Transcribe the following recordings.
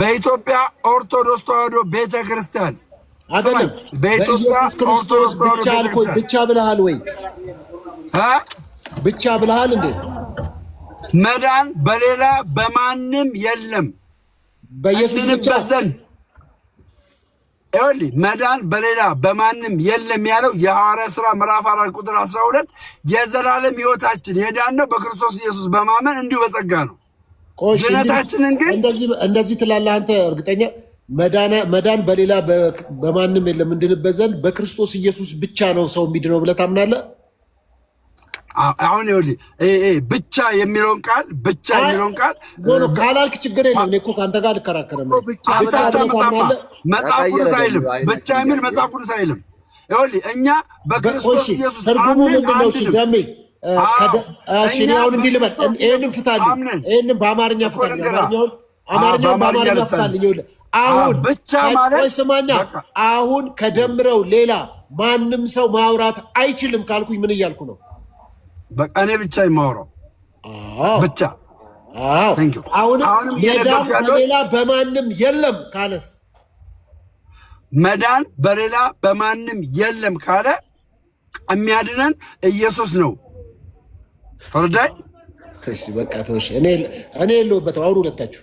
በኢትዮጵያ ኦርቶዶክስ ተዋህዶ ቤተ ክርስቲያን አይደለም። በኢየሱስ ክርስቶስ ብቻ አልኩኝ። ብቻ ብለሃል ወይ? ብቻ ብለሃል እንዴ? መዳን በሌላ በማንም የለም። በኢየሱስ ብቻ ዘንድ ይኸውልህ መዳን በሌላ በማንም የለም ያለው የሐዋርያ ሥራ ምዕራፍ አራት ቁጥር አስራ ሁለት የዘላለም ሕይወታችን የዳነው በክርስቶስ ኢየሱስ በማመን እንዲሁ በጸጋ ነው። ድነታችንን ግን እንደዚህ ትላለህ አንተ። እርግጠኛ መዳን በሌላ በማንም የለም እንድንበት ዘንድ በክርስቶስ ኢየሱስ ብቻ ነው ሰው የሚድነው ብለህ ታምናለህ? አሁን ይኸውልህ ብቻ የሚለውን ቃል ብቻ የሚለውን ቃል ካላልክ ችግር የለም። እኔ እኮ ከአንተ ጋር አልከራከርም። መጽሐፍ ቅዱስ አይልም ብቻ የሚል መጽሐፍ ቅዱስ አይልም። ይኸውልህ እኛ በክርስቶስ ኢየሱስ አምነን አንድንም ሽኒያውን እንዲህ ልበል። ይህንም ፍታልኝ፣ ይህንም በአማርኛ ፍታልኝ። አማርኛውን በአማርኛ ፍታልኝ። ይኸውልህ አሁን ብቻ ማለት ስማኛ፣ አሁን ከደምረው ሌላ ማንም ሰው ማውራት አይችልም ካልኩኝ ምን እያልኩ ነው? በቃ እኔ ብቻ የማወራው ብቻ። አሁንም መዳን በሌላ በማንም የለም ካለስ መዳን በሌላ በማንም የለም ካለ የሚያድነን ኢየሱስ ነው። ፈርዳኝ። እሺ በቃ ተወሽ። እኔ እኔ የለሁበትም። አውሩ ሁለታችሁ።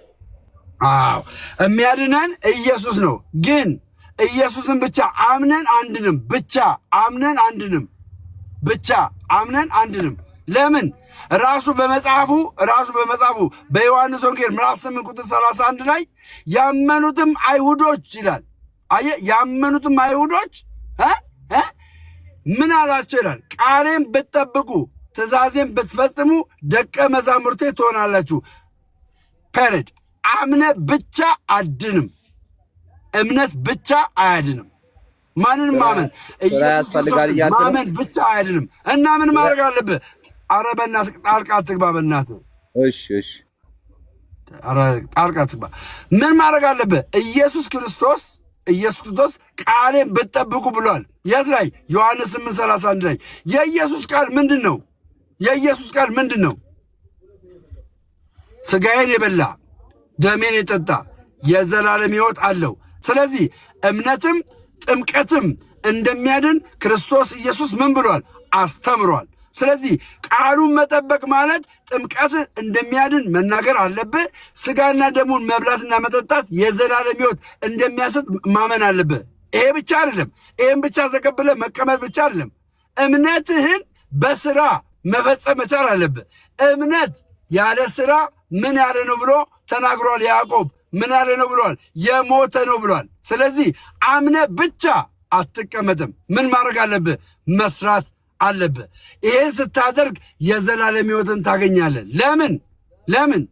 አዎ የሚያድነን ኢየሱስ ነው። ግን ኢየሱስን ብቻ አምነን አንድንም ብቻ አምነን አንድንም ብቻ አምነን አንድንም ለምን ራሱ በመጽሐፉ ራሱ በመጽሐፉ በዮሐንስ ወንጌል ምዕራፍ 8 ቁጥር 31 ላይ ያመኑትም አይሁዶች ይላል። አየ ያመኑትም አይሁዶች ምን አላቸው ይላል ቃሌን ብትጠብቁ ትእዛዜን ብትፈጽሙ ደቀ መዛሙርቴ ትሆናላችሁ። ፐረድ አምነ ብቻ አድንም። እምነት ብቻ አያድንም። ማንን ማመን ማመን ብቻ አያድንም። እና ምን ማድረግ አለብህ? አረ በእናትህ ጣልቃ አትግባ። በእናትህ እሺ፣ እሺ፣ ጣልቃ ትግባ። ምን ማድረግ አለብህ? ኢየሱስ ክርስቶስ ኢየሱስ ክርስቶስ ቃሌን ብትጠብቁ ብሏል። የት ላይ? ዮሐንስ 8 ላይ የኢየሱስ ቃል ምንድን ነው? የኢየሱስ ቃል ምንድን ነው? ስጋዬን የበላ ደሜን የጠጣ የዘላለም ሕይወት አለው። ስለዚህ እምነትም ጥምቀትም እንደሚያድን ክርስቶስ ኢየሱስ ምን ብሏል? አስተምሯል። ስለዚህ ቃሉን መጠበቅ ማለት ጥምቀት እንደሚያድን መናገር አለብህ። ስጋና ደሙን መብላትና መጠጣት የዘላለም ሕይወት እንደሚያሰጥ ማመን አለብህ። ይሄ ብቻ አይደለም። ይህም ብቻ ተቀብለ መቀመጥ ብቻ አይደለም። እምነትህን በስራ መፈጸም መቻል አለብህ። እምነት ያለ ስራ ምን ያለ ነው ብሎ ተናግሯል። ያዕቆብ ምን ያለ ነው ብሏል? የሞተ ነው ብሏል። ስለዚህ አምነ ብቻ አትቀመጥም። ምን ማድረግ አለብህ? መስራት አለብህ። ይህን ስታደርግ የዘላለም ህይወትን ታገኛለን። ለምን ለምን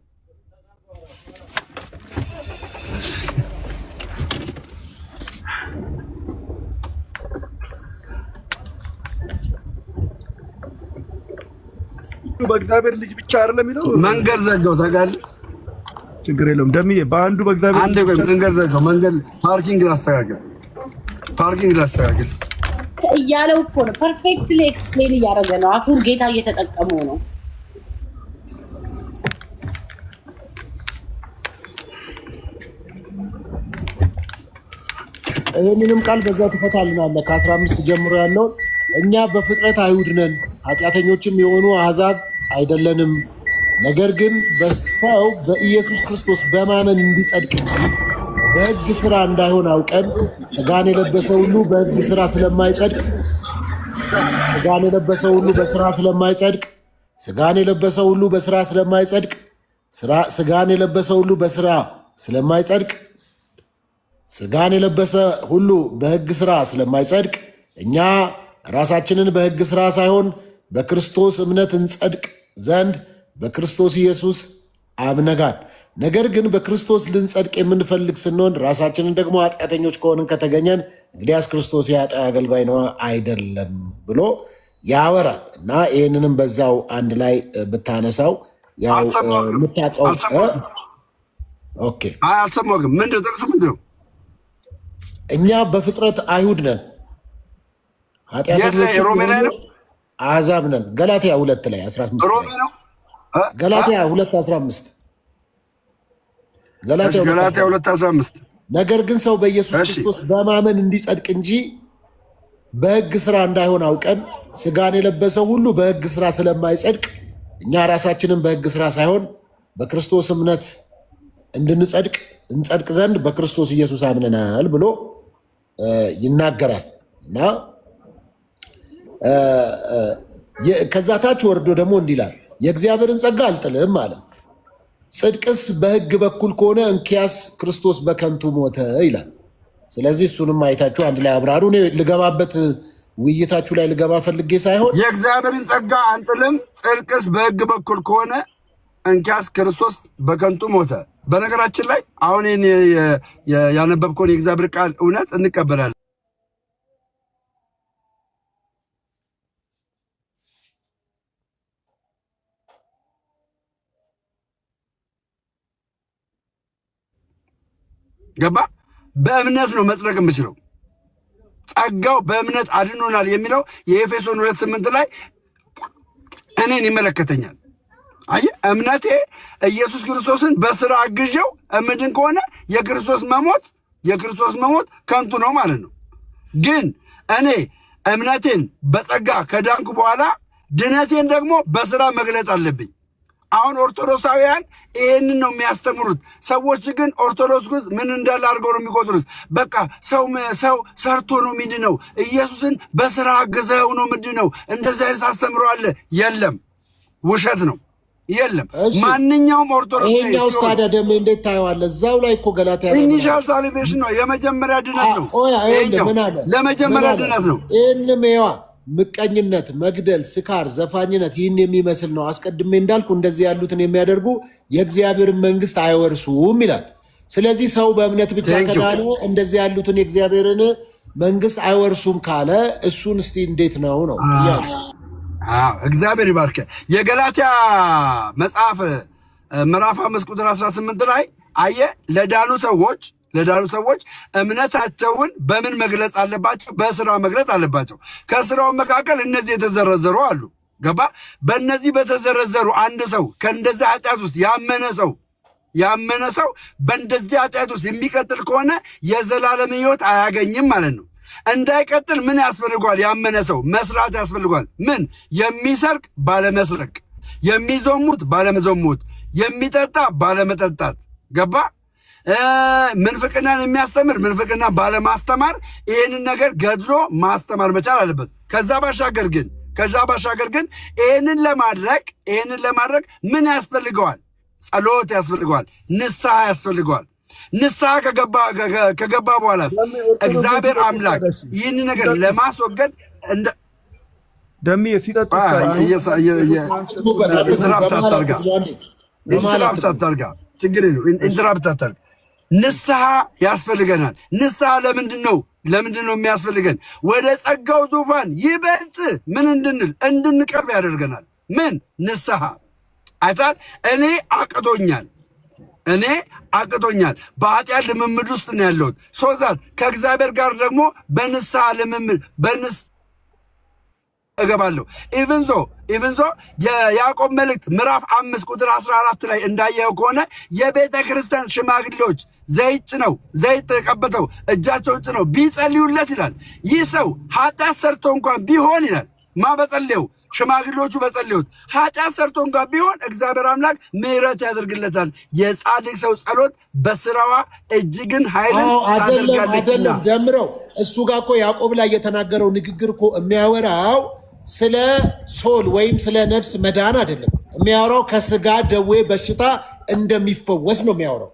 በእግዚአብሔር ልጅ ብቻ አይደለም የሚለው መንገድ ዘጋው ታውቃለህ። ችግር የለውም ደምዬ፣ በአንዱ በእግዚአብሔር አንዴ ቆይ፣ መንገድ ዘጋው። መንገድ ፓርኪንግ ላስተካክል፣ ፓርኪንግ ላስተካክል እያለው እኮ ነው። ፐርፌክትሊ ኤክስፕሌን እያደረገ ነው። አሁን ጌታ እየተጠቀመው ነው። እኔ ምንም ቃል በዛ ትፈታልናለህ። ከአስራ አምስት ጀምሮ ያለውን እኛ በፍጥረት አይሁድ ነን ኃጢአተኞችም የሆኑ አሕዛብ አይደለንም፣ ነገር ግን በሰው በኢየሱስ ክርስቶስ በማመን እንዲጸድቅ በሕግ ሥራ እንዳይሆን አውቀን ሥጋን የለበሰ ሁሉ በሕግ ሥራ ስለማይጸድቅ ሥጋን የለበሰ ሁሉ በሥራ ስለማይጸድቅ ሥጋን የለበሰ ሁሉ በሥራ ስለማይጸድቅ ሥጋን የለበሰ ሁሉ በሥራ ስለማይጸድቅ ሥጋን የለበሰ ሁሉ በሕግ ሥራ ስለማይጸድቅ እኛ ራሳችንን በሕግ ሥራ ሳይሆን በክርስቶስ እምነት እንጸድቅ ዘንድ በክርስቶስ ኢየሱስ አብነጋን። ነገር ግን በክርስቶስ ልንጸድቅ የምንፈልግ ስንሆን ራሳችንን ደግሞ ኃጢአተኞች ከሆንን ከተገኘን እንግዲያስ ክርስቶስ የኃጢአት አገልጋይ ነው አይደለም ብሎ ያወራል እና ይህንንም በዛው አንድ ላይ ብታነሳው የምታውቀው አልሰማሁም። ምንድን ጥቅሱ ምንድን ነው? እኛ በፍጥረት አይሁድ ነን ሮሜ ላይ ነው አሕዛብ ነን። ገላትያ ሁለት ላይ ገላትያ ሁለት አስራ አምስት ገላትያ ሁለት አስራ አምስት ነገር ግን ሰው በኢየሱስ ክርስቶስ በማመን እንዲጸድቅ እንጂ በሕግ ስራ እንዳይሆን አውቀን ስጋን የለበሰው ሁሉ በሕግ ስራ ስለማይጸድቅ እኛ ራሳችንን በሕግ ስራ ሳይሆን በክርስቶስ እምነት እንድንጸድቅ እንጸድቅ ዘንድ በክርስቶስ ኢየሱስ አምነናል ብሎ ይናገራል እና ከዛ ታች ወርዶ ደግሞ እንዲላል የእግዚአብሔርን ጸጋ አልጥልም አለ። ጽድቅስ በሕግ በኩል ከሆነ እንኪያስ ክርስቶስ በከንቱ ሞተ ይላል። ስለዚህ እሱንም አይታችሁ አንድ ላይ አብራሩ። እኔ ልገባበት ውይይታችሁ ላይ ልገባ ፈልጌ ሳይሆን የእግዚአብሔርን ጸጋ አንጥልም፣ ጽድቅስ በሕግ በኩል ከሆነ እንኪያስ ክርስቶስ በከንቱ ሞተ። በነገራችን ላይ አሁን ያነበብከውን የእግዚአብሔር ቃል እውነት እንቀበላለን። ገባ። በእምነት ነው መጽደቅ የምችለው። ጸጋው በእምነት አድኖናል የሚለው የኤፌሶን ሁለት ስምንት ላይ እኔን ይመለከተኛል። አይ እምነቴ ኢየሱስ ክርስቶስን በስራ አግዤው እምድን ከሆነ የክርስቶስ መሞት የክርስቶስ መሞት ከንቱ ነው ማለት ነው። ግን እኔ እምነቴን በጸጋ ከዳንኩ በኋላ ድነቴን ደግሞ በስራ መግለጥ አለብኝ። አሁን ኦርቶዶክሳውያን ይህንን ነው የሚያስተምሩት። ሰዎች ግን ኦርቶዶክስ ጉዝ ምን እንዳለ አድርገው ነው የሚቆጥሩት። በቃ ሰው ሰው ሰርቶ ነው የሚድነው፣ ኢየሱስን በስራ አግዘው ነው ምንድነው፣ እንደዚህ አይነት አስተምሮ አለ። የለም፣ ውሸት ነው። የለም ማንኛውም ኦርቶዶክስ ይሄኛው ስታዲያ ደግሞ እንዴት ታየዋለ? እዛው ላይ እኮ ገላትያ ኢኒሻል ሳሊቬሽን ነው የመጀመሪያ ድነት ነው። ለመጀመሪያ ድነት ነው። ይህንም ይዋ ምቀኝነት፣ መግደል፣ ስካር፣ ዘፋኝነት ይህን የሚመስል ነው። አስቀድሜ እንዳልኩ እንደዚህ ያሉትን የሚያደርጉ የእግዚአብሔርን መንግስት አይወርሱም ይላል። ስለዚህ ሰው በእምነት ብቻ ከዳነ እንደዚህ ያሉትን የእግዚአብሔርን መንግስት አይወርሱም ካለ እሱን እስቲ እንዴት ነው ነው እግዚአብሔር ይባርከ የገላትያ መጽሐፍ ምዕራፍ አምስት ቁጥር 18 ላይ አየ ለዳኑ ሰዎች ለዳኑ ሰዎች እምነታቸውን በምን መግለጽ አለባቸው? በስራ መግለጽ አለባቸው። ከስራው መካከል እነዚህ የተዘረዘሩ አሉ። ገባ? በእነዚህ በተዘረዘሩ አንድ ሰው ከእንደዚህ ኃጢአት ውስጥ ያመነ ሰው ያመነ ሰው በእንደዚህ ኃጢአት ውስጥ የሚቀጥል ከሆነ የዘላለም ህይወት አያገኝም ማለት ነው። እንዳይቀጥል ምን ያስፈልጓል? ያመነ ሰው መስራት ያስፈልጓል። ምን? የሚሰርቅ ባለመስረቅ፣ የሚዘሙት ባለመዘሙት፣ የሚጠጣ ባለመጠጣት። ገባ? ምንፍቅናን የሚያስተምር ምንፍቅና ባለማስተማር ይህንን ነገር ገድሎ ማስተማር መቻል አለበት። ከዛ ባሻገር ግን ከዛ ባሻገር ግን ይህንን ለማድረግ ይህንን ለማድረግ ምን ያስፈልገዋል? ጸሎት ያስፈልገዋል። ንስሐ ያስፈልገዋል። ንስሐ ከገባ በኋላ እግዚአብሔር አምላክ ይህን ነገር ለማስወገድ ደሚ ሲጠጡ አታርጋ ኢንትራፕት አታርጋ ችግር ኢንትራፕት አታርጋ ንስሐ ያስፈልገናል። ንስሐ ለምንድን ነው ለምንድን ነው የሚያስፈልገን? ወደ ጸጋው ዙፋን ይበልጥ ምን እንድንል እንድንቀርብ ያደርገናል። ምን ንስሐ አይታል። እኔ አቅቶኛል፣ እኔ አቅቶኛል። በኃጢአት ልምምድ ውስጥ ነው ያለሁት። ሶዛት ከእግዚአብሔር ጋር ደግሞ በንስሐ ልምምድ በንስ እገባለሁ። ኢቨንዞ ኢቨንዞ የያዕቆብ መልእክት ምዕራፍ አምስት ቁጥር አስራ አራት ላይ እንዳየው ከሆነ የቤተ ክርስቲያን ሽማግሌዎች ዘይት ጭነው ዘይት ተቀብተው እጃቸውን ጭነው ቢጸልዩለት ይላል። ይህ ሰው ኃጢአት ሰርቶ እንኳን ቢሆን ይላል ማ በጸለየው ሽማግሌዎቹ በጸለዩት ኃጢአት ሰርቶ እንኳን ቢሆን እግዚአብሔር አምላክ ምሕረት ያደርግለታል። የጻድቅ ሰው ጸሎት በስራዋ እጅግን ኃይልን ታደርጋለች። ደምረው እሱ ጋር እኮ ያዕቆብ ላይ የተናገረው ንግግር እኮ የሚያወራው ስለ ሶል ወይም ስለ ነፍስ መዳን አይደለም የሚያወራው። ከስጋ ደዌ በሽታ እንደሚፈወስ ነው የሚያወራው።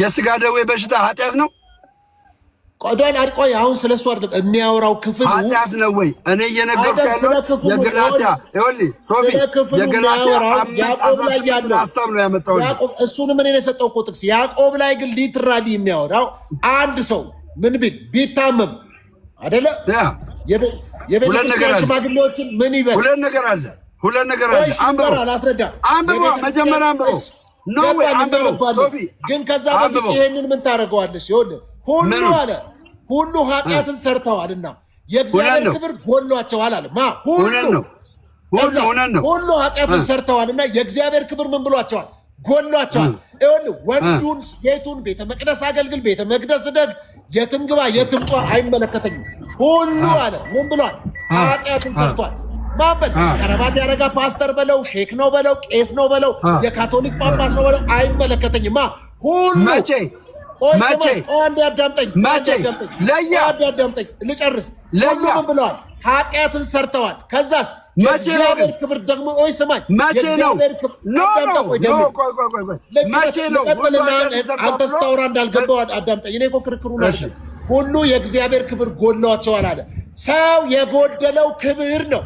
የስጋ ደዌ በሽታ ኃጢአት ነው። ቆዳን አድቆ አሁን ስለ እሱ አይደለም የሚያወራው ክፍል ኃጢአት ነው ወይ? እኔ እየነገርኩ ያለው እሱንም እኔ የሰጠው እኮ ጥቅስ ያዕቆብ ላይ ግን ሊትራሊ የሚያወራው አንድ ሰው ምን ቢል ቢታመም አይደለ የቤተክርስቲያን ሽማግሌዎችን ምን ይበል? ሁለት ነገር አለ፣ ሁለት ነገር አለ። አንብሮ አላስረዳ። አንብሮ መጀመሪያ አንብሮ ነው አንብሮ። ሶፊ ግን ከዛ በፊት ይሄንን ምን ታደርገዋለሽ? ይኸውልህ ሁሉ አለ ሁሉ ኃጢአትን ሰርተዋልና የእግዚአብሔር ክብር ጎሏቸዋል አለ። ማ ሁሉ ሁሉ ኃጢአትን ሰርተዋልና የእግዚአብሔር ክብር ምን ብሏቸዋል? ጎሏቸዋል። ይሁን ወንዱን ሴቱን፣ ቤተ መቅደስ አገልግል፣ ቤተ መቅደስ ደግ፣ የትም ግባ፣ የትም ጧ፣ አይመለከተኝም ሁሉ አለ ምን ብሏል? ኃጢአትን ፈርቷል። ማበል ቀረባት ያደረጋ ፓስተር በለው ሼክ ነው በለው ቄስ ነው በለው የካቶሊክ ጳጳስ ነው በለው አይመለከተኝማ ሁሉ መቼ አንድ ያዳምጠኝ አንድ ያዳምጠኝ ልጨርስ ሁሉ ምን ብለዋል? ኃጢአትን ሰርተዋል። ከዛስ የእግዚአብሔር ክብር ደግሞ ኦይ ስማኝ መቼ ነው መቼ አንተ ስታወራ እንዳልገባው አዳምጠኝ እኔ እኮ ክርክሩን ሁሉ የእግዚአብሔር ክብር ጎድሏቸዋል አለ። ሰው የጎደለው ክብር ነው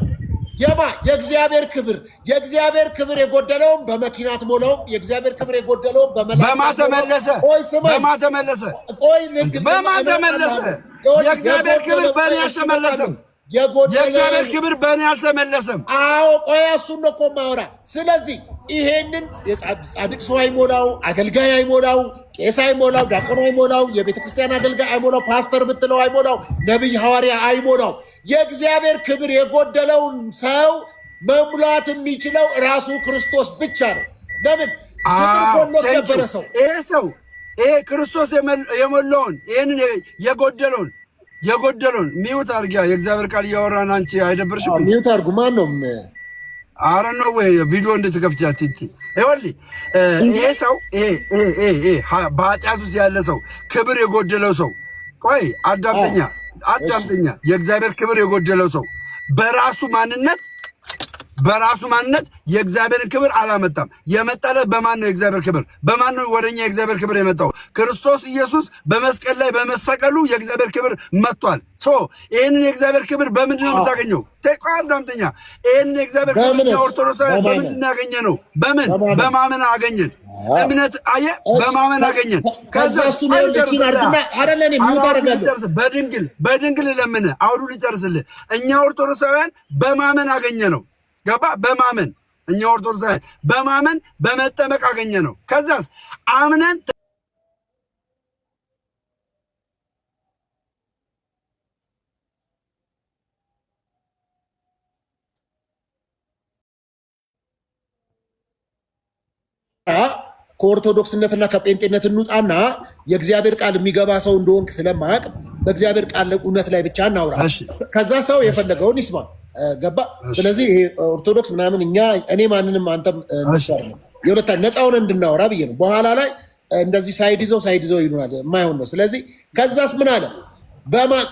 የማ የእግዚአብሔር ክብር የእግዚአብሔር ክብር የጎደለውም በመኪና አትሞላውም። የእግዚአብሔር ክብር የጎደለውም በማ ተመለሰ ቆይ ስማ በማ ተመለሰ ቆይ ንግድ በማ ተመለሰ የእግዚአብሔር ክብር በእኔ አልተመለሰም። የእግዚአብሔር ክብር በእኔ አልተመለሰም። አዎ ቆያ እሱን ነው እኮ የማወራ። ስለዚህ ይሄንን ሰው አይሞላው፣ አገልጋይ አይሞላው፣ ቄስ አይሞላው፣ ዲያቆን አይሞላው፣ የቤተ አገልጋይ አይሞላው፣ ፓስተር ብትለው አይሞላው፣ ነቢይ ሐዋርያ አይሞላው። የእግዚአብሔር ክብር የጎደለውን ሰው መሙላት የሚችለው ራሱ ክርስቶስ ብቻ ነው። ለምን ነበረ ሰው ይሄ ሰው ይሄ ክርስቶስ የሞላውን ይህንን የጎደለውን የጎደሉን ሚውት አድርጊያ። የእግዚአብሔር ቃል እያወራን አንቺ አይደብርሽም? ሚውት አርጉ። ማን ነው አረ ነው ወይ ቪዲዮ እንድትከፍቻ ቲቲ ይወል ይሄ ሰው በኃጢአት ውስጥ ያለ ሰው ክብር የጎደለው ሰው ቆይ አዳምጠኛ አዳምጠኛ የእግዚአብሔር ክብር የጎደለው ሰው በራሱ ማንነት በራሱ ማንነት የእግዚአብሔርን ክብር አላመጣም። የመጣለ በማን ነው? የእግዚአብሔር ክብር በማን ነው? ወደኛ የእግዚአብሔር ክብር የመጣው ክርስቶስ ኢየሱስ በመስቀል ላይ በመሰቀሉ የእግዚአብሔር ክብር መጥቷል። ሶ ይህንን የእግዚአብሔር ክብር በምንድን ነው የምታገኘው? ተቋም ዳምተኛ ይህንን የእግዚአብሔር ክብር ኦርቶዶክሳውያን በምንድን ያገኘ ነው? በምን በማመን አገኘን። እምነት አየ በማመን አገኘን። ከዛ እሱ በድንግል በድንግል ለምን አውዱ ሊጨርስልህ እኛ ኦርቶዶክሳውያን በማመን አገኘ ነው ገባ በማመን እኛ ኦርቶዶክሳውያን በማመን በመጠመቅ አገኘ ነው። ከዛስ አምነን ከኦርቶዶክስነትና ከጴንጤነት እንውጣና የእግዚአብሔር ቃል የሚገባ ሰው እንደሆንክ ስለማያውቅ በእግዚአብሔር ቃል እውነት ላይ ብቻ እናውራ። ከዛ ሰው የፈለገውን ይስማ። ገባ። ስለዚህ ኦርቶዶክስ ምናምን እኛ እኔ ማንንም አንተም የሁለት ነፃ እንድናወራ ብዬ ነው። በኋላ ላይ እንደዚህ ሳይድ ይዘው ሳይድ ይዘው ይሉናል፣ የማይሆን ነው። ስለዚህ ከዛስ ምን አለ?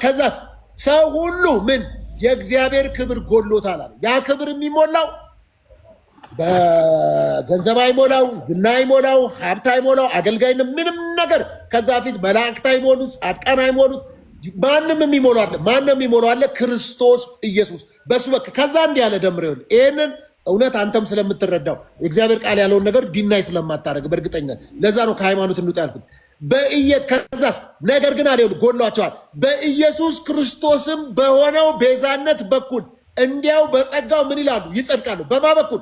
ከዛስ ሰው ሁሉ ምን የእግዚአብሔር ክብር ጎሎታል አለ። ያ ክብር የሚሞላው በገንዘብ አይሞላው፣ ዝና አይሞላው፣ ሀብት አይሞላው፣ አገልጋይን ምንም ነገር ከዛ ፊት መላእክት አይሞሉት፣ ጻድቃን አይሞሉት ማንም የሚሞላው አለ ማንም የሚሞላው አለ ክርስቶስ ኢየሱስ በሱ በቃ ከዛ እንዲህ ያለ ደምር ይሆን ይህንን እውነት አንተም ስለምትረዳው እግዚአብሔር ቃል ያለውን ነገር ዲናይ ስለማታደርግ በእርግጠኛ ለዛ ነው ከሃይማኖት እንውጣ ያልኩት በእየት ከዛስ ነገር ግን አለ ጎሏቸዋል በኢየሱስ ክርስቶስም በሆነው ቤዛነት በኩል እንዲያው በጸጋው ምን ይላሉ ይጸድቃሉ በማ በኩል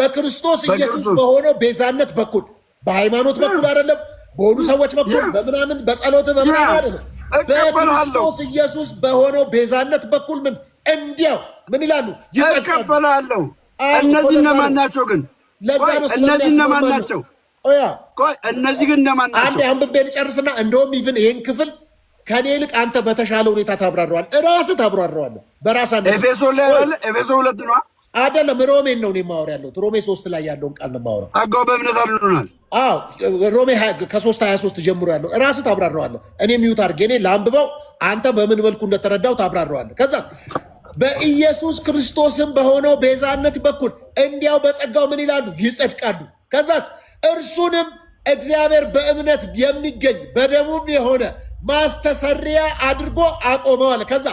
በክርስቶስ ኢየሱስ በሆነው ቤዛነት በኩል በሃይማኖት በኩል አይደለም በሆኑ ሰዎች በኩል በምናምን በጸሎት በምናምን አይደለም በክርስቶስ ኢየሱስ በሆነው ቤዛነት በኩል ምን እንዲያው ምን ይላሉ? ይቀበላለሁ። እነዚህ እነማን ናቸው ግን? እነዚህ እነማን ናቸው? እነዚህ ግን እነማን ናቸው? አንብቤ ልጨርስና እንደውም ይህን ክፍል ከኔ ይልቅ አንተ በተሻለ ሁኔታ ታብራረዋል። እራስህ ታብራረዋለህ። በራሳ ሁለት ሮሜን ነው ማወር ያለሁት። ሮሜ ሶስት ላይ ያለውን ቃል ማወረ ጸጋው በእምነት አድኖናል ሮሜ ከሶስት ሀያ ሶስት ጀምሮ ያለው እራስህ ታብራረዋለህ። እኔ ሚዩት አድርጌ እኔ ለአንብበው አንተ በምን መልኩ እንደተረዳው ታብራረዋለህ። ከዛ በኢየሱስ ክርስቶስም በሆነው ቤዛነት በኩል እንዲያው በጸጋው ምን ይላሉ? ይጸድቃሉ። ከዛስ እርሱንም እግዚአብሔር በእምነት የሚገኝ በደሙም የሆነ ማስተሰሪያ አድርጎ አቆመዋል። ከዛ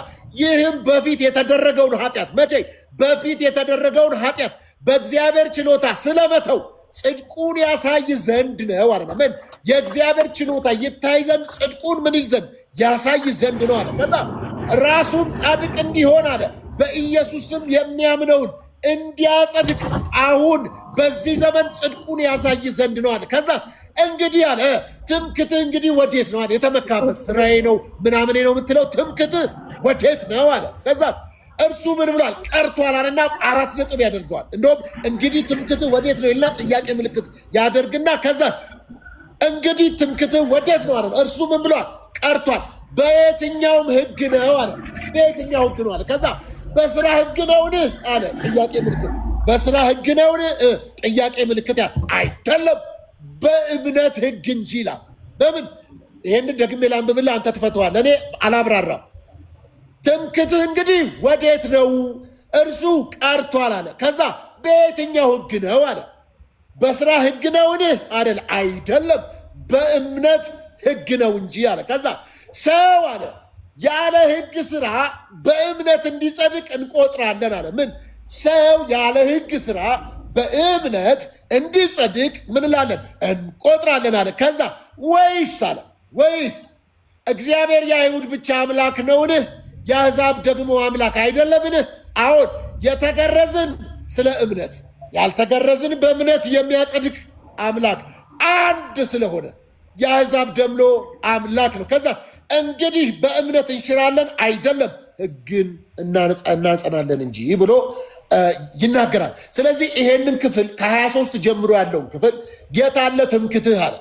ይህም በፊት የተደረገውን ኃጢአት መቼ በፊት የተደረገውን ኃጢአት በእግዚአብሔር ችሎታ ስለመተው ጽድቁን ያሳይ ዘንድ ነው አለ። ምን የእግዚአብሔር ችሎታ ይታይ ዘንድ ጽድቁን ምን ይል ዘንድ ያሳይ ዘንድ ነው አለ። ከዛ ራሱን ጻድቅ እንዲሆን አለ በኢየሱስም የሚያምነውን እንዲያጸድቅ አሁን በዚህ ዘመን ጽድቁን ያሳይ ዘንድ ነው አለ። ከዛ እንግዲህ አለ ትምክት እንግዲህ ወዴት ነው አለ። የተመካበት ስራዬ ነው ምናምን ነው የምትለው ትምክት ወዴት ነው አለ። ከዛስ እርሱ ምን ብሏል? ቀርቷል አለና አራት ነጥብ ያደርገዋል። እንደውም እንግዲህ ትምክትህ ወዴት ነው ይልና ጥያቄ ምልክት ያደርግና ከዛስ እንግዲህ ትምክትህ ወዴት ነው አለ። እርሱ ምን ብሏል? ቀርቷል። በየትኛውም ህግ ነው አለ። በየትኛው ህግ ነው አለ። ከዛ በስራ ህግ ነውን አለ። ጥያቄ ምልክት በስራ ህግ ነውን? ጥያቄ ምልክት ያ አይደለም፣ በእምነት ህግ እንጂ ይላል። በምን ይህን ደግሜ ላንብብልህ፣ አንተ ትፈተዋል። እኔ አላብራራም ትምክትህ እንግዲህ ወዴት ነው? እርሱ ቀርቷል አለ። ከዛ በየትኛው ህግ ነው አለ። በስራ ህግ ነው እኔ አደል አይደለም፣ በእምነት ህግ ነው እንጂ አለ። ከዛ ሰው አለ ያለ ህግ ስራ በእምነት እንዲጸድቅ እንቆጥራለን አለ። ምን ሰው ያለ ህግ ስራ በእምነት እንዲጸድቅ ምን ላለን እንቆጥራለን አለ። ከዛ ወይስ አለ ወይስ እግዚአብሔር የአይሁድ ብቻ አምላክ ነውን? የአሕዛብ ደግሞ አምላክ አይደለምን? አሁን የተገረዝን ስለ እምነት ያልተገረዝን በእምነት የሚያጸድቅ አምላክ አንድ ስለሆነ የአሕዛብ ደምሎ አምላክ ነው። ከዛ እንግዲህ በእምነት እንሽራለን አይደለም ሕግን እናጸናለን እንጂ ብሎ ይናገራል። ስለዚህ ይሄንን ክፍል ከ23 ጀምሮ ያለውን ክፍል ጌታ አለ ትምክትህ አለ።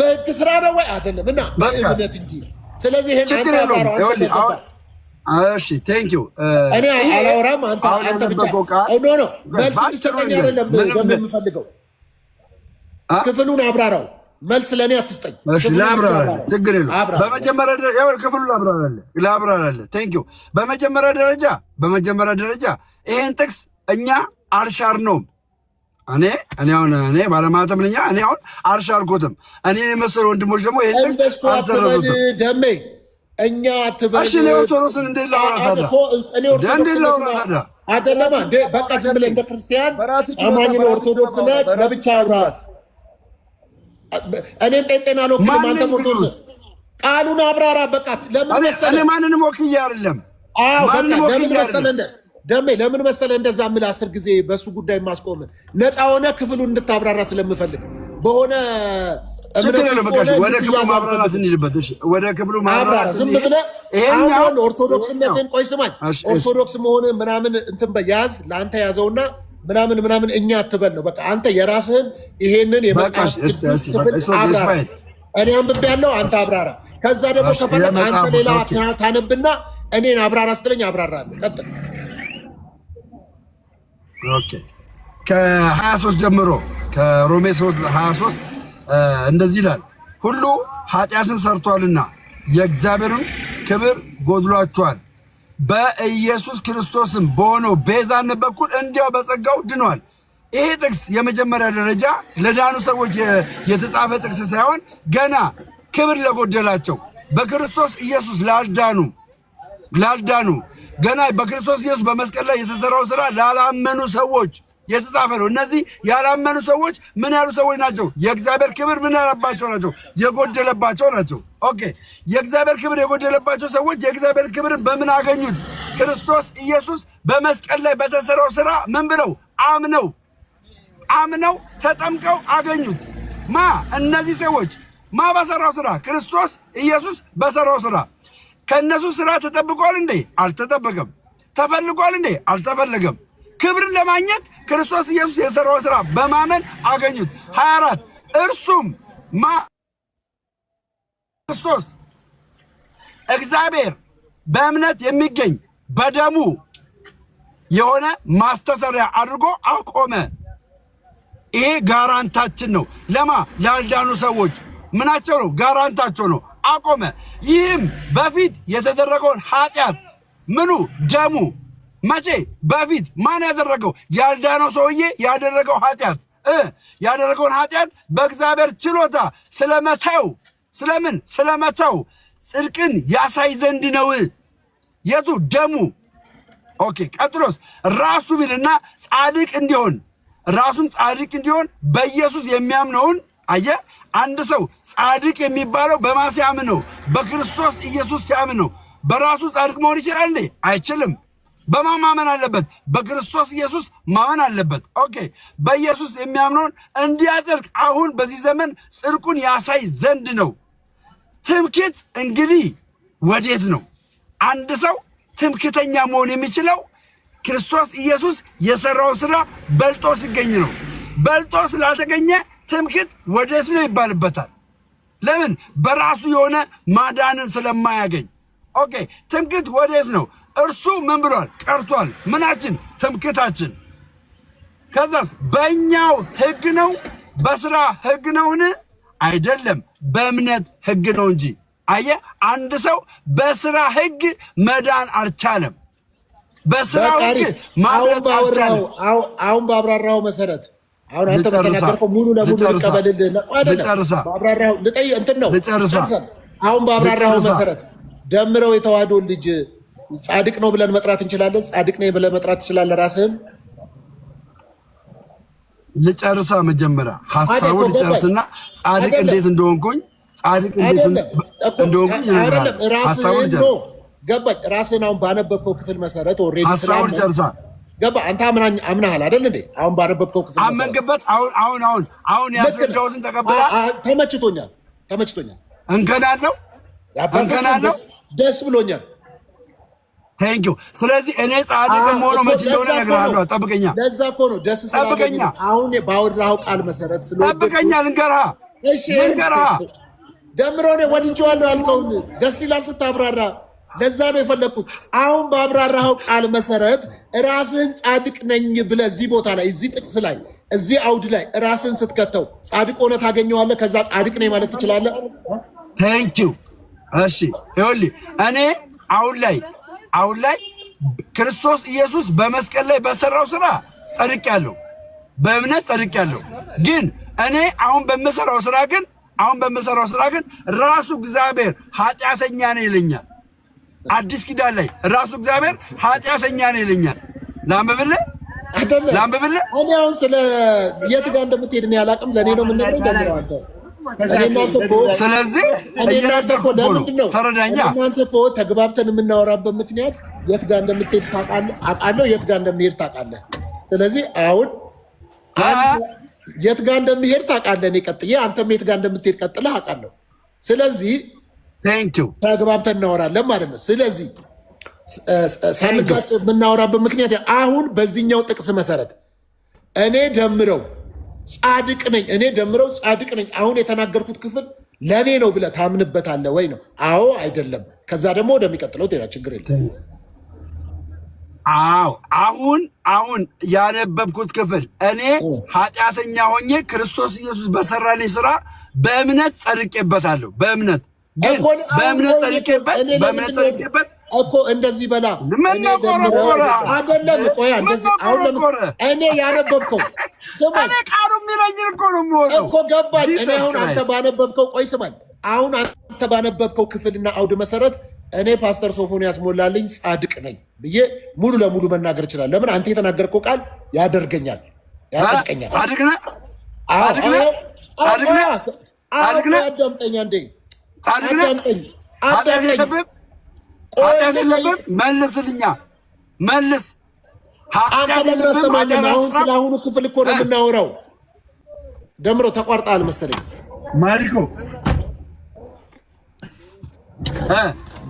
በሕግ ስራ ነው ወይ አይደለም እና በእምነት እንጂ ስለዚህ ይሄን እሺ ቴንክ ዩ እኔ አላወራም። አንተ ብቻ ኖ ኖ መልስ እንድትሰጠኝ አይደለም የምፈልገው፣ ክፍሉን አብራራው። መልስ ለእኔ አትስጠኝ። ላብራራለህ፣ ችግር የለውም። በመጀመሪያ ደረጃ ክፍሉን ላብራራለህ። ቴንክ ዩ። በመጀመሪያ ደረጃ በመጀመሪያ ደረጃ ይሄን ጥቅስ እኛ አልሻርነውም። እኔ እኔ አሁን እኔ ባለማተም ነኝ። እኔ አሁን አልሻርኩትም። እኔ የመሰሉ ወንድሞች ደግሞ ይሄን ጥቅስ አልሰረዙትም። እኛ ትበሽ እኔ ኦርቶዶክስን እንዴት ላውራ ታዲያ? እንዴት ላውራ እንዴ በቃ ዝም ብለህ እንደ ክርስቲያን አማኝ ነው ኦርቶዶክስ ነህ ለብቻ አውራ። እኔም ጴንጤን አልወክልም አንተም ኦርቶዶክስ ቃሉን አብራራ። በቃ ለምን መሰለህ እኔ ማንንም ወክዬ አይደለም። አዎ በቃ ለምን ደሜ ለምን መሰለህ እንደዛ የምልህ አስር ጊዜ በእሱ ጉዳይ ማስቆም ነፃ ሆነ ክፍሉን እንድታብራራ ስለምፈልግ በሆነ ችግር የለውም። በቃ ወደ ክፍሉ ዝም ብለህ ኦርቶዶክስነትን፣ ቆይ ስማኝ፣ ኦርቶዶክስ መሆን ምናምን እንትን በያዝ ለአንተ ያዘውና ምናምን ምናምን እኛ አትበል ነው። በቃ አንተ የራስህን ይሄንን እኔ አንብቤ ያለው አንተ አብራራ። ከዛ ደግሞ ከፈለግ አንተ ሌላ ታነብና እኔን አብራራ ስትለኝ አብራራለሁ። ቀጥል። ጀምሮ ከሮሜ እንደዚህ ይላል፣ ሁሉ ኃጢአትን ሰርቷልና የእግዚአብሔርን ክብር ጎድሏቸዋል። በኢየሱስ ክርስቶስም በሆነው ቤዛነት በኩል እንዲያው በጸጋው ድኗል። ይሄ ጥቅስ የመጀመሪያ ደረጃ ለዳኑ ሰዎች የተጻፈ ጥቅስ ሳይሆን ገና ክብር ለጎደላቸው በክርስቶስ ኢየሱስ ላልዳኑ ላልዳኑ ገና በክርስቶስ ኢየሱስ በመስቀል ላይ የተሰራው ስራ ላላመኑ ሰዎች የተጻፈ ነው። እነዚህ ያላመኑ ሰዎች ምን ያሉ ሰዎች ናቸው? የእግዚአብሔር ክብር ምን ያለባቸው ናቸው? የጎደለባቸው ናቸው። ኦኬ። የእግዚአብሔር ክብር የጎደለባቸው ሰዎች የእግዚአብሔር ክብርን በምን አገኙት? ክርስቶስ ኢየሱስ በመስቀል ላይ በተሰራው ስራ ምን ብለው አምነው አምነው ተጠምቀው አገኙት። ማ እነዚህ ሰዎች ማ በሰራው ስራ ክርስቶስ ኢየሱስ በሰራው ስራ። ከእነሱ ስራ ተጠብቋል እንዴ? አልተጠበቀም። ተፈልጓል እንዴ? አልተፈለገም። ክብርን ለማግኘት ክርስቶስ ኢየሱስ የሰራው ስራ በማመን አገኙት። 24 እርሱም ማ ክርስቶስ እግዚአብሔር በእምነት የሚገኝ በደሙ የሆነ ማስተሰሪያ አድርጎ አቆመ። ይሄ ጋራንታችን ነው። ለማ ላልዳኑ ሰዎች ምናቸው ነው? ጋራንታቸው ነው። አቆመ። ይህም በፊት የተደረገውን ኃጢአት ምኑ ደሙ መቼ በፊት ማን ያደረገው ያልዳነው ሰውዬ ያደረገው ኃጢአት ያደረገውን ኃጢአት በእግዚአብሔር ችሎታ ስለመተው ስለምን ስለመተው ጽድቅን ያሳይ ዘንድ ነው። የቱ ደሙ። ኦኬ ቀጥሎስ ራሱ ቢልና ጻድቅ እንዲሆን ራሱም ጻድቅ እንዲሆን በኢየሱስ የሚያምነውን አየ። አንድ ሰው ጻድቅ የሚባለው በማ ሲያምን ነው? በክርስቶስ ኢየሱስ ሲያምን ነው። በራሱ ጻድቅ መሆን ይችላል እንዴ? አይችልም። በማን ማመን አለበት? በክርስቶስ ኢየሱስ ማመን አለበት። ኦኬ፣ በኢየሱስ የሚያምነውን እንዲያጸድቅ አሁን በዚህ ዘመን ጽድቁን ያሳይ ዘንድ ነው። ትምክት እንግዲህ ወዴት ነው? አንድ ሰው ትምክተኛ መሆን የሚችለው ክርስቶስ ኢየሱስ የሰራው ስራ በልጦ ሲገኝ ነው። በልጦ ስላልተገኘ ትምክት ወዴት ነው ይባልበታል። ለምን? በራሱ የሆነ ማዳንን ስለማያገኝ። ኦኬ፣ ትምክት ወዴት ነው? እርሱ ምን ብሏል? ቀርቷል። ምናችን ትምክታችን። ከዛስ በእኛው ህግ ነው በስራ ህግ ነውን? አይደለም፣ በእምነት ህግ ነው እንጂ። አየ አንድ ሰው በስራ ህግ መዳን አልቻለም። በስራ ህግ አሁን ባብራራው መሰረት አሁን አንተ በተናገርከው ሙሉ ለሙሉ ልቀበልልህ እንትን ነው። አሁን ባብራራው መሰረት ደምረው የተዋህዶን ልጅ ጻድቅ ነው ብለን መጥራት እንችላለን። ጻድቅ ነው ብለን መጥራት ትችላለህ ራስህን። ልጨርሳ መጀመሪያ ሀሳቡ ልጨርስና ጻድቅ እንዴት እንደሆንኩኝ ጻድቅ እንዴት እንደሆንኩኝ ሀሳቡ ልጨርስ። ገባኝ። ራስህን አሁን ባነበብከው ክፍል መሰረት ኦልሬዲ ሀሳቡ ልጨርሳ ገባ አንተ አምናኝ አምናሃል አይደል እንዴ? አሁን ባረበብከው ክፍል አመንክበት። አሁን አሁን አሁን አሁን ያስረዳሁትን ተቀበላል። ተመችቶኛል፣ ተመችቶኛል። እንከናለው፣ እንከናለው። ደስ ብሎኛል። ታንኪ ዩ። ስለዚህ እኔ ጻድቅም ሆኖ መች እንደሆነ እነግርሃለሁ። ጠብቀኛ፣ ጠብቀኛ፣ አሁን ባወራኸው ቃል መሰረት ጠብቀኛ፣ ልንገርሃ፣ ልንገርሃ ደምሮ እኔ ወድጄዋለሁ ያልከውን ደስ ይላል ስታብራራ። ለዛ ነው የፈለግኩት። አሁን ባብራራኸው ቃል መሰረት ራስህን ጻድቅ ነኝ ብለህ እዚህ ቦታ ላይ እዚህ ጥቅስ ላይ እዚህ አውድ ላይ ራስህን ስትከተው ጻድቅ ሆነህ ታገኘዋለህ። ከዛ ጻድቅ ነኝ ማለት ትችላለህ። ታንኪ ዩ። እሺ ይኸውልህ እኔ አሁን ላይ አሁን ላይ ክርስቶስ ኢየሱስ በመስቀል ላይ በሰራው ስራ ጸድቄአለሁ፣ በእምነት ጸድቄአለሁ። ግን እኔ አሁን በምሰራው ስራ ግን አሁን በምሰራው ስራ ግን ራሱ እግዚአብሔር ኃጢአተኛ ነው ይለኛል። አዲስ ኪዳን ላይ ራሱ እግዚአብሔር ኃጢአተኛ ነው ይለኛል። ላንብብልህ ላንብብልህ። እኔ አሁን ስለ የት ጋር እንደምትሄድ እኔ አላውቅም። ለእኔ ነው የምንለው። ስለዚህ ተረዳኛ። እናንተ እኮ ተግባብተን የምናወራበት ምክንያት የት ጋር እንደምትሄድ አውቃለሁ፣ የት ጋር እንደምሄድ ታውቃለህ። ስለዚህ አሁን የት ጋር እንደምሄድ ታውቃለህ፣ እኔ ቀጥዬ፣ አንተም የት ጋር እንደምትሄድ ቀጥለህ አውቃለሁ። ስለዚህ ተግባብተን እናወራለን ማለት ነው። ስለዚህ ሳንጋጭ የምናወራበት ምክንያት አሁን በዚህኛው ጥቅስ መሰረት እኔ ደምረው ጻድቅ ነኝ እኔ ደምረው ጻድቅ ነኝ አሁን የተናገርኩት ክፍል ለእኔ ነው ብለህ ታምንበታለህ ወይ ነው? አዎ አይደለም። ከዛ ደግሞ ወደሚቀጥለው ሌላ ችግር የለም። አዎ አሁን አሁን ያነበብኩት ክፍል እኔ ኃጢአተኛ ሆኜ ክርስቶስ ኢየሱስ በሰራኔ ስራ በእምነት ጸድቄበታለሁ። በእምነት ግን በእምነት ጸድቄበት በእምነት ጸድቄበት እኮ እንደዚህ በላ አይደለም። ቆይ እኔ ያነበብከው ስማኝ፣ ቃሉ የሚለኝን እኮ ነው እኮ ገባኝ። እኔ አሁን አንተ ባነበብከው ቆይ ስማኝ፣ አሁን አንተ ባነበብከው ክፍልና አውድ መሰረት እኔ ፓስተር ሶፎንያስ ሞላልኝ ጻድቅ ነኝ ብዬ ሙሉ ለሙሉ መናገር ይችላል። ለምን አንተ የተናገርከው ቃል ያደርገኛል፣ ያጸድቀኛል። ጻድቅ ነህ፣ ጻድቅ ነህ፣ ጻድቅ ነህ። አዳምጠኝ አንዴ፣ አዳምጠኝ፣ አዳምጠኝ መልስልኛ መልስ። አሁን አሁኑ ክፍል እኮ ነው የምናወራው። ደምሮ ተቋርጣል መሰለኝ ማሪኮ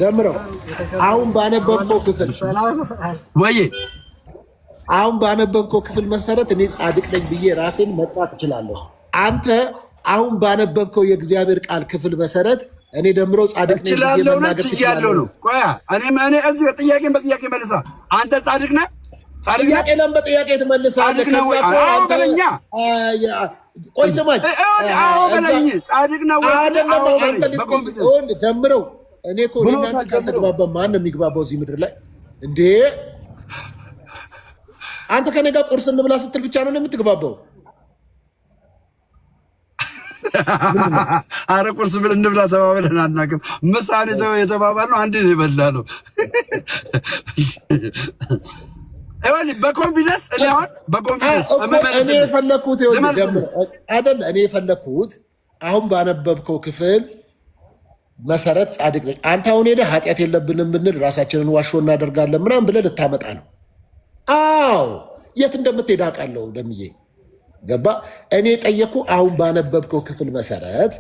ደምረው አሁን ባነበብከው ክፍል ወይ አሁን ባነበብከው ክፍል መሰረት እኔ ጻድቅ ነኝ ብዬ ራሴን መጣት እችላለሁ። አንተ አሁን ባነበብከው የእግዚአብሔር ቃል ክፍል መሰረት እኔ ደምሮ ጻድቅ እችላለሁ ነች እያለሁ ነው። ቆያ እኔ እኔ እዚህ ጥያቄን በጥያቄ መልሳ አንተ ጻድቅ ነህ ጥያቄ ለም በጥያቄ ትመልሳለህ። በለኛ ቆይ ስማኝ፣ በለኝ ጻድቅ ነው ደምረው። እኔ እኮ እናንተ ካልተግባባን ማን ነው የሚግባባው እዚህ ምድር ላይ እንዴ? አንተ ከነጋ ቁርስ እንብላ ስትል ብቻ ነው የምትግባባው። አረ ቁርስ ብል እንብላ ተባብለን አናውቅም። ምሳን የተባባልነው አንድ ነው የበላነው። በኮንፊደንስ እኔ አሁን በኮንፊደንስ እኔ የፈለግኩት አይደለ እኔ የፈለግኩት አሁን ባነበብከው ክፍል መሰረት ጻድቅ ነኝ። አንተ አሁን ሄደህ ኃጢአት የለብንም ብንል ራሳችንን ዋሾ እናደርጋለን ምናምን ብለህ ልታመጣ ነው። አዎ የት እንደምትሄድ አውቃለሁ ደምዬ ገባ። እኔ የጠየኩ አሁን ባነበብከው ክፍል መሰረት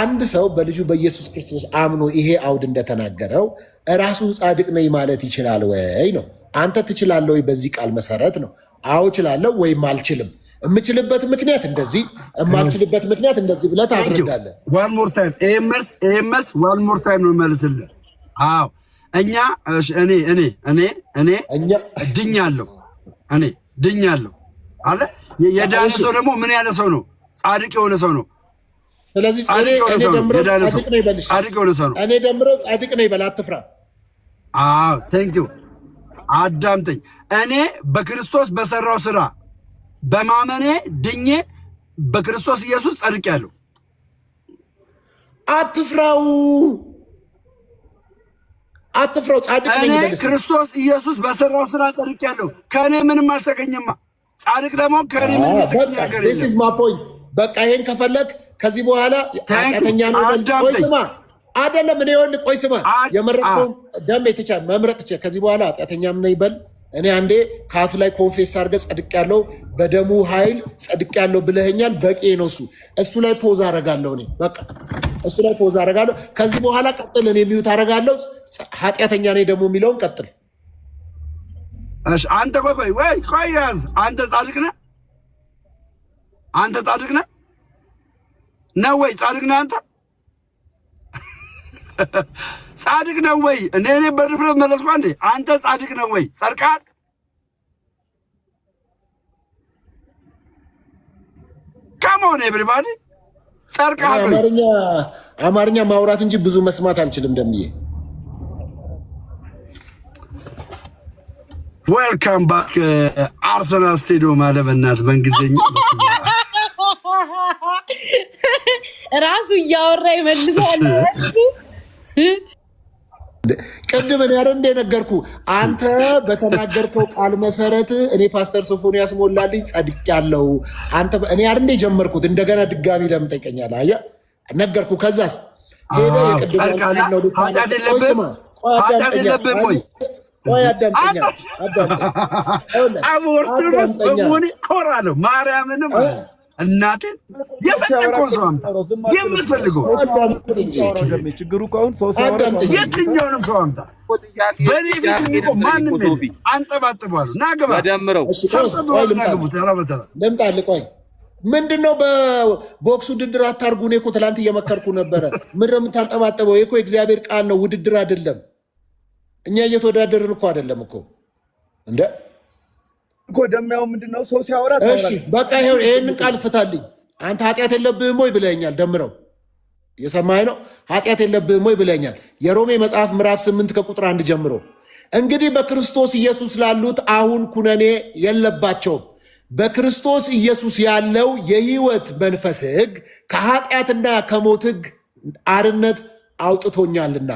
አንድ ሰው በልጁ በኢየሱስ ክርስቶስ አምኖ ይሄ አውድ እንደተናገረው እራሱን ጻድቅ ነኝ ማለት ይችላል ወይ ነው። አንተ ትችላለህ ወይ? በዚህ ቃል መሰረት ነው። አዎ እችላለሁ ወይም አልችልም። የምችልበት ምክንያት እንደዚህ፣ የማልችልበት ምክንያት እንደዚህ ብለህ ታደርጋለህ። ዋን ሞር ታይም ኤመርስ ኤመርስ ዋን ሞር ታይም ነው መልስልህ። አዎ እኛ እኔ እኔ እኔ እኔ ድኛለሁ እኔ ድኛለሁ አለ የዳነ ሰው ደግሞ ምን ያለ ሰው ነው? ጻድቅ የሆነ ሰው ነው። ስለዚህ ጻድቅ የሆነ ሰው ነው። እኔ ደምረው ጻድቅ ነው ይበል። አትፍራ። አዎ ቴንኪው። አዳምጠኝ። እኔ በክርስቶስ በሰራው ስራ በማመኔ ድኜ በክርስቶስ ኢየሱስ ጸድቅ ያለው አትፍራው አትፍራው። ጻድቅ ነኝ። ክርስቶስ ኢየሱስ በሰራው ስራ ጸድቅ ያለው ከእኔ ምንም አልተገኘማ። ጻድቅ ደግሞ በቃ ይሄን ከፈለግ ከዚህ በኋላ ኃጢአተኛ ነው። ቆይ ስማ አይደለም እኔ ይሆን ቆይ ስማ የመረጥከው ደም የተቻለ መምረጥ ይችላል። ከዚህ በኋላ ኃጢአተኛም ነው ይበል። እኔ አንዴ ከአፍ ላይ ኮንፌስ አድርገህ ያለው በደሙ ኃይል ያለው ብለኸኛል። በቂ ነው። እሱ እሱ ላይ ፖዝ አረጋለሁ። እኔ በቃ እሱ ላይ ፖዝ አረጋለሁ። ከዚህ በኋላ ቀጥል። እኔ የሚዩት አረጋለሁ። ኃጢአተኛ ነኝ ደግሞ የሚለውን ቀጥል እሺ አንተ ቆይ ቆይ ወይ ቆይ ያዝ። አንተ ጻድቅ ነህ? አንተ ጻድቅ ነህ ነው ወይ ጻድቅ ነህ አንተ ጻድቅ ነው ወይ? እኔ እኔ በድፍረት መለስኳ እንዴ? አንተ ጻድቅ ነው ወይ? ጸድቃል ከመሆነ ኤብሪባዲ ጸድቃል። አማርኛ አማርኛ ማውራት እንጂ ብዙ መስማት አልችልም ደምዬ ዌልካም ባክ አርሰናል ስቴዲዮም አለ። በእናት በእንግሊዝኛ ራሱ እያወራ ይመልሳል። ቅድም እኔ ኧረ እንደነገርኩ አንተ በተናገርከው ቃል መሰረት እኔ ፓስተር ሶፎንያስ ሞላልኝ ጸድቄያለሁ። አንተ እኔ ኧረ እንደ ጀመርኩት እንደገና ድጋሚ ለምን ጠይቀኛለህ? አየህ ነገርኩ። ከዛስ ሄደ የቅድም ነው ቆይ አዳምጠኛ አብ ኦርቶዶክስ በመሆኔ ማርያምንም እናቴን ሰው አምጣ፣ ችግሩ አሁን የትኛውንም ሰው አምጣ። በእኔ ፊት እኮ ማንም አንጠባጥበዋለሁ። ና ግባ፣ ሰብሰብ ና በተራ ቆይ ምንድን ነው በቦክስ ውድድር አታርጉ። እኔ እኮ ትላንት እየመከርኩ ነበረ። እኮ የእግዚአብሔር ቃል ነው፣ ውድድር አይደለም። እኛ እየተወዳደርን እኮ አይደለም እኮ እንደ እኮ ደሚያው ምንድነው ሰው ሲያወራ እሺ፣ በቃ ይሄው ቃል ፍታልኝ። አንተ ኃጢአት የለብህም ወይ ብለኛል። ደምረው የሰማይ ነው። ኃጢአት የለብህም ወይ ብለኛል። የሮሜ መጽሐፍ ምዕራፍ ስምንት ከቁጥር አንድ ጀምሮ እንግዲህ በክርስቶስ ኢየሱስ ላሉት አሁን ኩነኔ የለባቸውም። በክርስቶስ ኢየሱስ ያለው የህይወት መንፈስ ህግ ከኃጢአትና ከሞት ህግ አርነት አውጥቶኛልና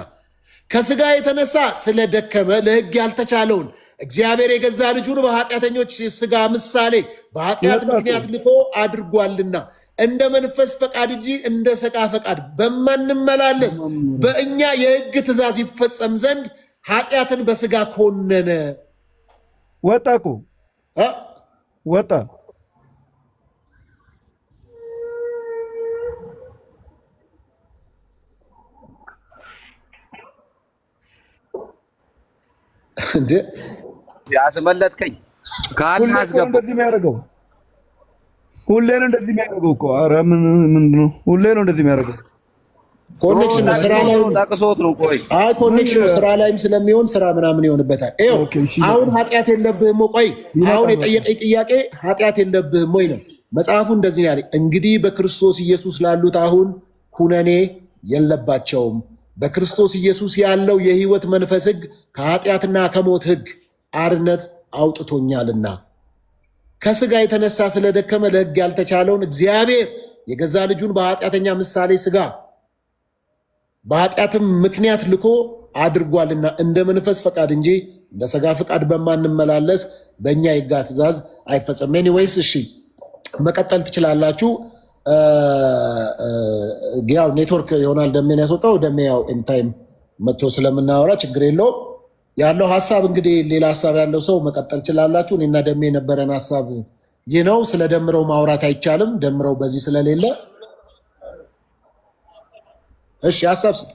ከስጋ የተነሳ ስለደከመ ለህግ ያልተቻለውን እግዚአብሔር የገዛ ልጁን በኃጢአተኞች ስጋ ምሳሌ በኃጢአት ምክንያት ልኮ አድርጓልና እንደ መንፈስ ፈቃድ እንጂ እንደ ሰቃ ፈቃድ በማንመላለስ በእኛ የህግ ትእዛዝ ይፈጸም ዘንድ ኃጢአትን በስጋ ኮነነ። ወጣ እኮ ወጣ እንዴ ያስመለጥከኝ ካል ማስገባ ሁሌ ነው እንደዚህ የሚያደርገው እኮ። ኧረ ምን ምንድን ነው? ሁሌ ነው እንደዚህ የሚያደርገው። ኮኔክሽን ነው ስራ ላይ ጠቅሶት ነው። ቆይ አይ ኮኔክሽን ነው ስራ ላይም ስለሚሆን ስራ ምናምን ይሆንበታል። ይኸው አሁን ኃጢአት የለብህም ቆይ አሁን የጠየቀኝ ጥያቄ ኃጢአት የለብህም ወይ ነው። መጽሐፉ እንደዚህ ነው ያለኝ፣ እንግዲህ በክርስቶስ ኢየሱስ ላሉት አሁን ኩነኔ የለባቸውም በክርስቶስ ኢየሱስ ያለው የህይወት መንፈስ ህግ ከኃጢአትና ከሞት ህግ አርነት አውጥቶኛልና ከስጋ የተነሳ ስለደከመ ለህግ ያልተቻለውን እግዚአብሔር የገዛ ልጁን በኃጢአተኛ ምሳሌ ስጋ በኃጢአትም ምክንያት ልኮ አድርጓልና እንደ መንፈስ ፈቃድ እንጂ እንደ ፈቃድ በማንመላለስ በእኛ የጋ ትእዛዝ አይፈጸም። ኤኒዌይስ እሺ መቀጠል ትችላላችሁ። ያው ኔትወርክ ይሆናል ደሜን ያስወጣው። ደሜ ያው ኤንታይም መጥቶ ስለምናወራ ችግር የለውም ያለው ሀሳብ እንግዲህ፣ ሌላ ሀሳብ ያለው ሰው መቀጠል ችላላችሁ። እኔና ደሜ የነበረን ሀሳብ ይህ ነው። ስለ ደምረው ማውራት አይቻልም። ደምረው በዚህ ስለሌለ እሺ ሀሳብ ስጥ